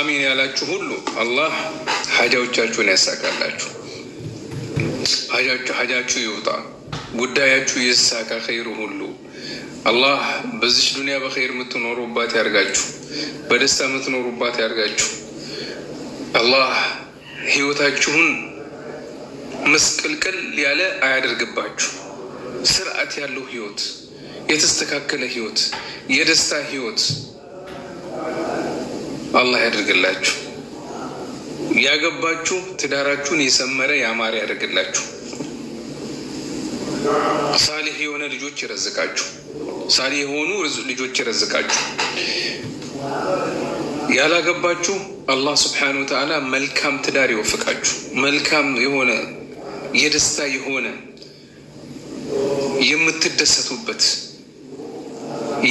አሚን ያላችሁ ሁሉ አላህ ሀጃዎቻችሁን ያሳካላችሁ። ሀጃችሁ ይውጣ፣ ጉዳያችሁ ይሳካ፣ ኸይሩ ሁሉ አላህ በዚች ዱንያ በኸይር የምትኖሩባት ያርጋችሁ፣ በደስታ የምትኖሩባት ያርጋችሁ። አላህ ህይወታችሁን ምስቅልቅል ያለ አያደርግባችሁ። ስርዓት ያለው ህይወት፣ የተስተካከለ ህይወት፣ የደስታ ህይወት አላህ ያደርግላችሁ። ያገባችሁ ትዳራችሁን የሰመረ ያማረ ያደርግላችሁ። ሳሊህ የሆነ ልጆች ይረዝቃችሁ። ሳሊህ የሆኑ ልጆች ይረዝቃችሁ። ያላገባችሁ አላህ ስብሐነሁ ወተዓላ መልካም ትዳር ይወፍቃችሁ። መልካም የሆነ የደስታ የሆነ የምትደሰቱበት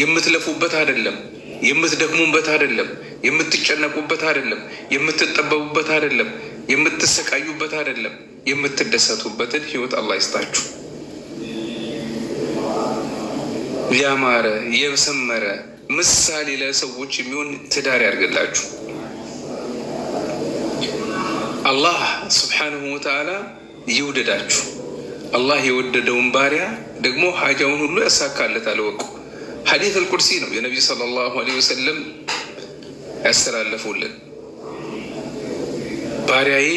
የምትለፉበት አይደለም። የምትደክሙበት አይደለም፣ የምትጨነቁበት አይደለም፣ የምትጠበቡበት አይደለም፣ የምትሰቃዩበት አይደለም፣ የምትደሰቱበትን ህይወት አላህ ይስጣችሁ። ያማረ የሰመረ ምሳሌ ለሰዎች የሚሆን ትዳር ያድርግላችሁ። አላህ ስብሓንሁ ወተዓላ ይውደዳችሁ። አላህ የወደደውን ባሪያ ደግሞ ሀጃውን ሁሉ ያሳካለታል። ወቁ ሐዲስ አልቁድሲ ነው የነቢዩ ሰለላሁ ዐለይሂ ወሰለም ያስተላለፉልን። ባሪያዬ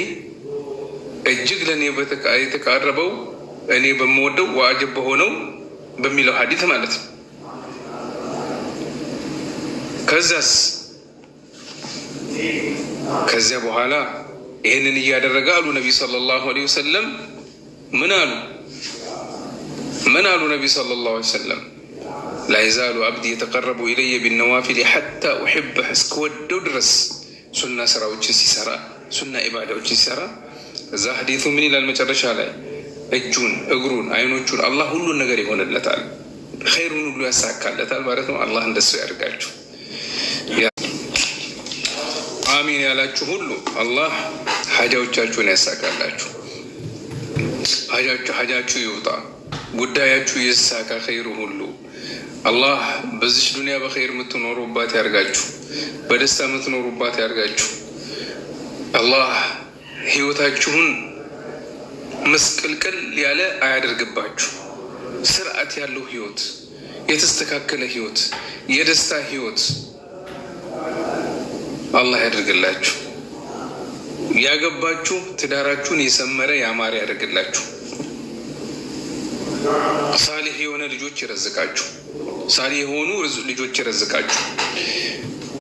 እጅግ ለእኔ የተቃረበው እኔ በምወደው ዋጅብ በሆነው በሚለው ሐዲት ማለት ነው። ከዛስ ከዚያ በኋላ ይህንን እያደረገ አሉ ነቢዩ ሰለላሁ ዐለይሂ ወሰለም ምን አሉ? ምን አሉ ነቢዩ ሰለላሁ ዐለይሂ ወሰለም ላይዛሉ አብድ የተቀረቡ ኢለየ ቢነዋፊል ሐታ ኡሕበህ እስከወደው ድረስ ሱና ስራዎችን ሲሰራ ሱና ኢባዳዎችን ሲሰራ እዛ ሀዲቱ ምን ይላል መጨረሻ ላይ እጁን እግሩን አይኖቹን አላህ ሁሉን ነገር ይሆንለታል ኸይሩን ሁሉ ያሳካለታል ማለት ነው አላህ እንደሱ ያደርጋችሁ አሚን ያላችሁ ሁሉ አላህ ሀጃዎቻችሁን ያሳካላችሁ ሀጃችሁ ይውጣ ጉዳያችሁ ይሳካ ኸይሩ ሁሉ አላህ በዚች ዱንያ በኸይር የምትኖሩባት ያርጋችሁ፣ በደስታ የምትኖሩባት ያርጋችሁ። አላህ ህይወታችሁን መስቅልቅል ያለ አያደርግባችሁ። ስርዓት ያለው ህይወት፣ የተስተካከለ ህይወት፣ የደስታ ህይወት አላህ ያደርግላችሁ። ያገባችሁ ትዳራችሁን የሰመረ ያማረ ያደርግላችሁ። ልጆች ይረዝቃችሁ፣ ሳሪ የሆኑ ልጆች ይረዝቃችሁ።